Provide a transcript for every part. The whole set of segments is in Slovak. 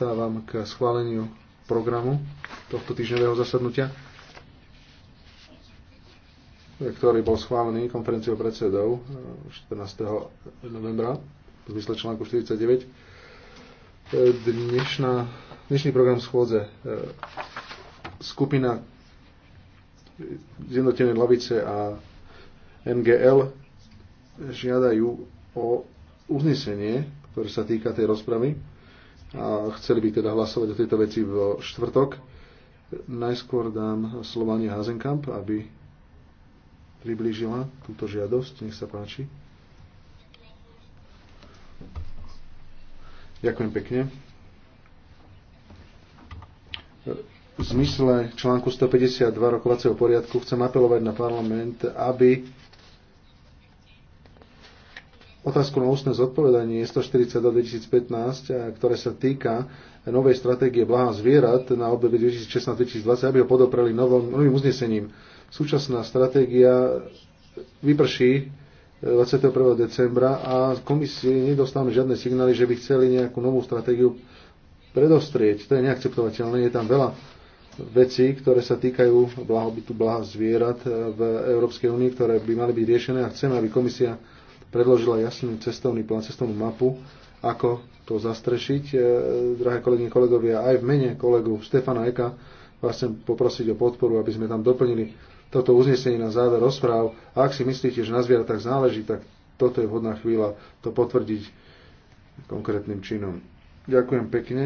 dostávam k schváleniu programu tohto týždňového zasadnutia, ktorý bol schválený konferenciou predsedov 14. Eh, novembra v zmysle článku 49. Eh, dnešná, dnešný program schôdze eh, skupina Zjednotené lavice a NGL žiadajú o uznesenie, ktoré sa týka tej rozpravy a chceli by teda hlasovať o tejto veci vo štvrtok. Najskôr dám Slovanie Hazenkamp, aby priblížila túto žiadosť. Nech sa páči. Ďakujem pekne. V zmysle článku 152 rokovacieho poriadku chcem apelovať na parlament, aby otázku na ústne zodpovedanie do 2015, eh, ktoré sa týka novej stratégie blaha zvierat na obdobie 2016-2020, aby ho podopreli novom, novým uznesením. Súčasná stratégia vyprší 21. Eh, decembra a z komisie nedostávame žiadne signály, že by chceli nejakú novú stratégiu predostrieť. To je neakceptovateľné. Je tam veľa vecí, ktoré sa týkajú blahobytu blaha zvierat eh, v Európskej únii, ktoré by mali byť riešené a chceme, aby komisia predložila jasný cestovný plán, cestovnú mapu, ako to zastrešiť. E, drahé kolegy, kolegovia, aj v mene kolegu Stefana Eka vás chcem poprosiť o podporu, aby sme tam doplnili toto uznesenie na záver rozpráv. A ak si myslíte, že na zvieratách záleží, tak toto je vhodná chvíľa to potvrdiť konkrétnym činom. Ďakujem pekne.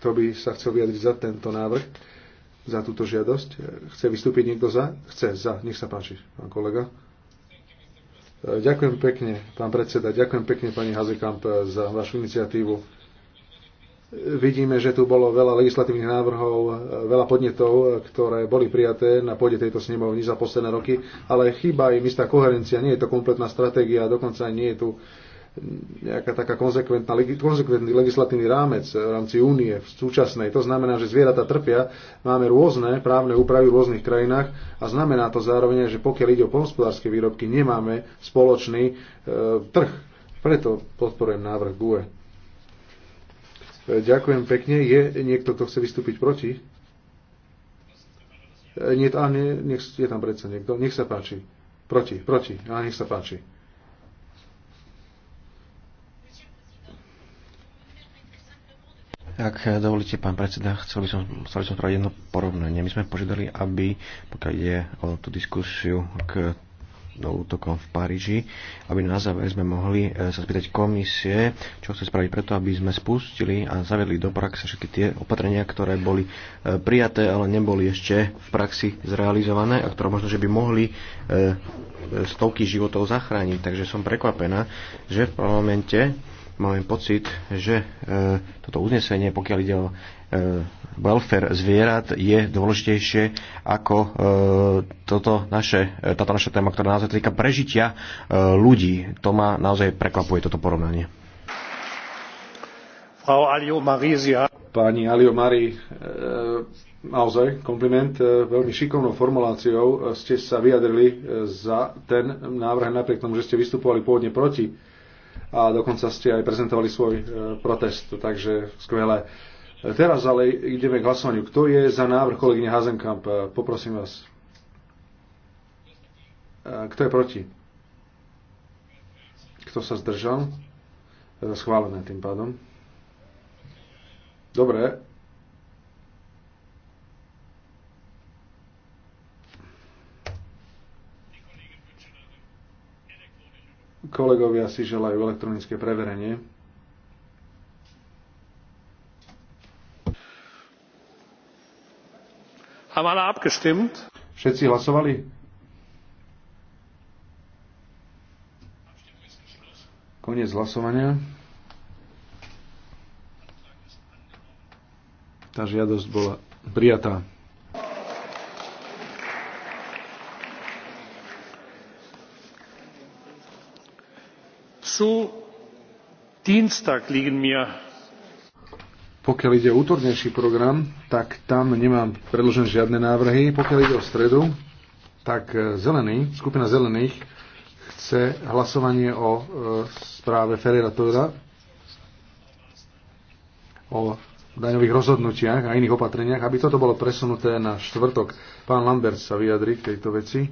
Kto by sa chcel vyjadriť za tento návrh, za túto žiadosť? Chce vystúpiť niekto za? Chce za. Nech sa páči, pán kolega. Ďakujem pekne, pán predseda, ďakujem pekne pani Hazekamp za vašu iniciatívu. Vidíme, že tu bolo veľa legislatívnych návrhov, veľa podnetov, ktoré boli prijaté na pôde tejto snemovni za posledné roky, ale chýba im istá koherencia, nie je to kompletná stratégia, dokonca nie je tu nejaká taká konzekventná, konzekventný legislatívny rámec v rámci únie v súčasnej. To znamená, že zvieratá trpia, máme rôzne právne úpravy v rôznych krajinách a znamená to zároveň, že pokiaľ ide o polnospodárske výrobky, nemáme spoločný e, trh. Preto podporujem návrh GUE. E, ďakujem pekne. Je niekto, kto chce vystúpiť proti? E, nie, a nie, nech, je tam predsa niekto. Nech sa páči. Proti, proti. A nech sa páči. Ak dovolíte, pán predseda, chcel by som, chcel by som spraviť jedno porovnanie. My sme požiadali, aby, pokiaľ ide o tú diskusiu k do útokom v Paríži, aby na záver sme mohli e, sa spýtať komisie, čo chce spraviť preto, aby sme spustili a zavedli do praxe všetky tie opatrenia, ktoré boli e, prijaté, ale neboli ešte v praxi zrealizované a ktoré možno, že by mohli e, stovky životov zachrániť. Takže som prekvapená, že v parlamente máme pocit, že e, toto uznesenie, pokiaľ ide o e, welfare zvierat, je dôležitejšie ako e, toto naše, táto naša téma, ktorá naozaj týka prežitia ľudí. To ma naozaj prekvapuje, toto porovnanie. Pani Alio Mari, naozaj kompliment. Veľmi šikovnou formuláciou ste sa vyjadrili za ten návrh, napriek tomu, že ste vystupovali pôvodne proti a dokonca ste aj prezentovali svoj e, protest, takže skvelé. Teraz ale ideme k hlasovaniu. Kto je za návrh kolegyne Hazenkamp? E, poprosím vás. E, kto je proti? Kto sa zdržal? Schválené tým pádom. Dobre, Kolegovia si želajú elektronické preverenie. Haben abgestimmt? Všetci hlasovali? Koniec hlasovania. Tá žiadosť bola prijatá. dienstag liegen mir pokiaľ ide o útornejší program, tak tam nemám predložené žiadne návrhy. Pokiaľ ide o stredu, tak e, zelený, skupina zelených chce hlasovanie o e, správe Ferreira Tora o daňových rozhodnutiach a iných opatreniach, aby toto bolo presunuté na štvrtok. Pán Lambert sa vyjadri k tejto veci.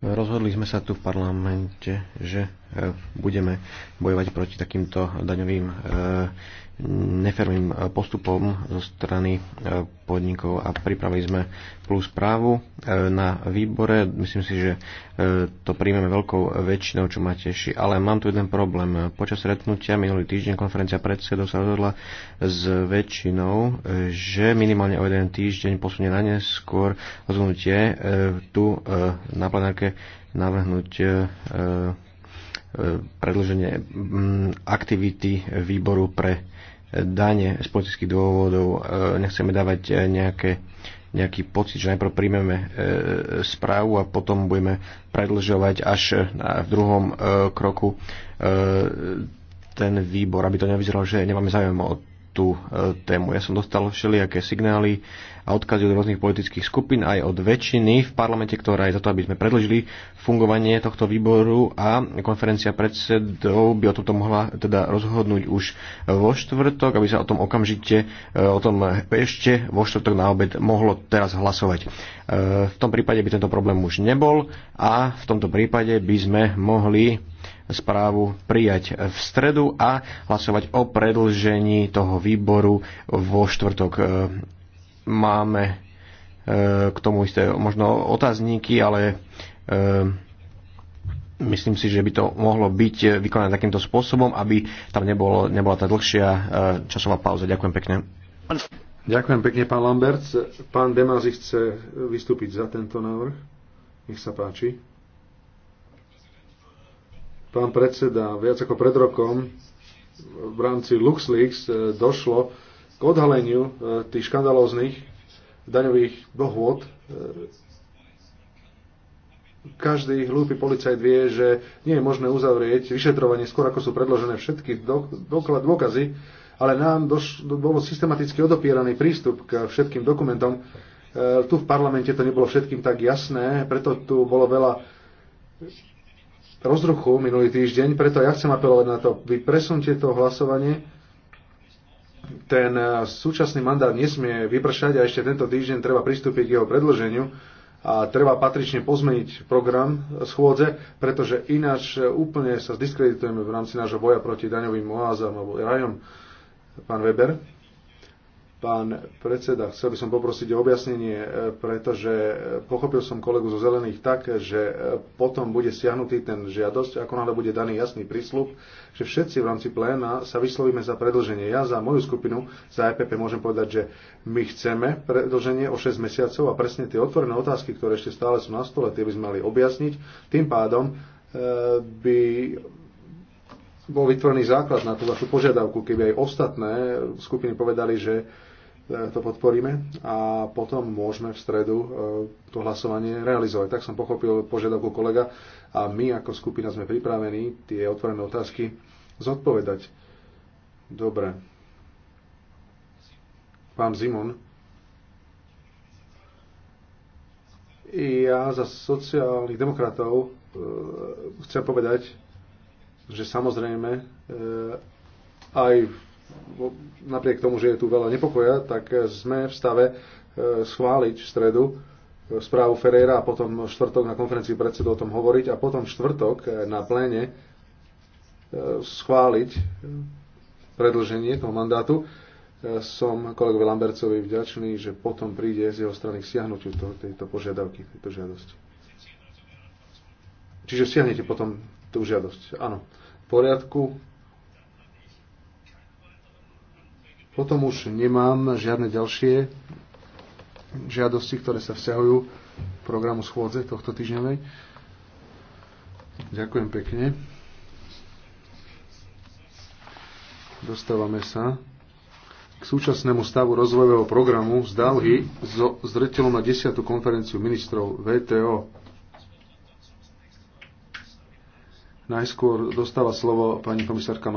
Rozhodli sme sa tu v parlamente, že e, budeme bojovať proti takýmto daňovým e, neferným e, postupom zo strany podnikov a pripravili sme plus právu na výbore. Myslím si, že to príjmeme veľkou väčšinou, čo ma teší. Ale mám tu jeden problém. Počas retnutia minulý týždeň konferencia predsedov sa rozhodla s väčšinou, že minimálne o jeden týždeň posunie na neskôr rozhodnutie tu na plenárke navrhnúť e, e, predloženie aktivity výboru pre dane z politických dôvodov. E, nechceme dávať nejaké nejaký pocit, že najprv príjmeme e, správu a potom budeme predlžovať až na, v druhom e, kroku e, ten výbor, aby to nevyzeralo, že nemáme záujem o tú e, tému. Ja som dostal všelijaké signály a odkazy od rôznych politických skupín, aj od väčšiny v parlamente, ktorá je za to, aby sme predlžili fungovanie tohto výboru a konferencia predsedov by o tomto mohla teda rozhodnúť už vo štvrtok, aby sa o tom okamžite, e, o tom ešte vo štvrtok na obed mohlo teraz hlasovať. E, v tom prípade by tento problém už nebol a v tomto prípade by sme mohli správu prijať v stredu a hlasovať o predlžení toho výboru vo štvrtok. E, máme e, k tomu isté možno otázníky, ale e, myslím si, že by to mohlo byť vykonané takýmto spôsobom, aby tam nebolo, nebola tá dlhšia časová pauza. Ďakujem pekne. Ďakujem pekne, pán Lambert. Pán Demazi chce vystúpiť za tento návrh. Nech sa páči. Pán predseda, viac ako pred rokom v rámci LuxLeaks eh, došlo k odhaleniu eh, tých škandalóznych daňových dohôd. Eh, každý hlúpy policajt vie, že nie je možné uzavrieť vyšetrovanie skôr, ako sú predložené všetky dôkazy, ale nám doš- bolo systematicky odopieraný prístup k všetkým dokumentom. E, tu v parlamente to nebolo všetkým tak jasné, preto tu bolo veľa rozruchu minulý týždeň, preto ja chcem apelovať na to, vy presunte to hlasovanie, ten eh, súčasný mandát nesmie vypršať a ešte tento týždeň treba pristúpiť k jeho predloženiu a treba patrične pozmeniť program schôdze, pretože ináč eh, úplne sa zdiskreditujeme v rámci nášho boja proti daňovým oázam alebo rajom. Pán Weber. Pán predseda, chcel by som poprosiť o objasnenie, e, pretože e, pochopil som kolegu zo Zelených tak, že e, potom bude stiahnutý ten žiadosť, ako náhle bude daný jasný prísľub, že všetci v rámci pléna sa vyslovíme za predlženie. Ja za moju skupinu, za EPP, môžem povedať, že my chceme predlženie o 6 mesiacov a presne tie otvorené otázky, ktoré ešte stále sú na stole, tie by sme mali objasniť. Tým pádom by bol vytvorený základ na tú vašu požiadavku, keby aj ostatné skupiny povedali, že Eh, to podporíme a potom môžeme v stredu eh, to hlasovanie realizovať. Tak som pochopil požiadavku kolega a my ako skupina sme pripravení tie otvorené otázky zodpovedať. Dobre. Pán Zimon. Ja za sociálnych demokratov eh, chcem povedať, že samozrejme aj v napriek tomu, že je tu veľa nepokoja, tak sme v stave e, schváliť v stredu e, správu Ferreira a potom v štvrtok na konferencii predsedov o tom hovoriť a potom v štvrtok e, na pléne schváliť predlženie toho mandátu. Som kolegovi Lambercovi vďačný, že potom príde z jeho strany k siahnutiu tejto požiadavky, tejto žiadosti. Čiže stiahnete potom tú žiadosť. Áno. V poriadku. Potom už nemám žiadne ďalšie žiadosti, ktoré sa vzťahujú k programu schôdze tohto týždňovej. Ďakujem pekne. Dostávame sa k súčasnému stavu rozvojového programu z Dalhy so zretelom na 10. konferenciu ministrov VTO. Najskôr dostáva slovo pani komisárka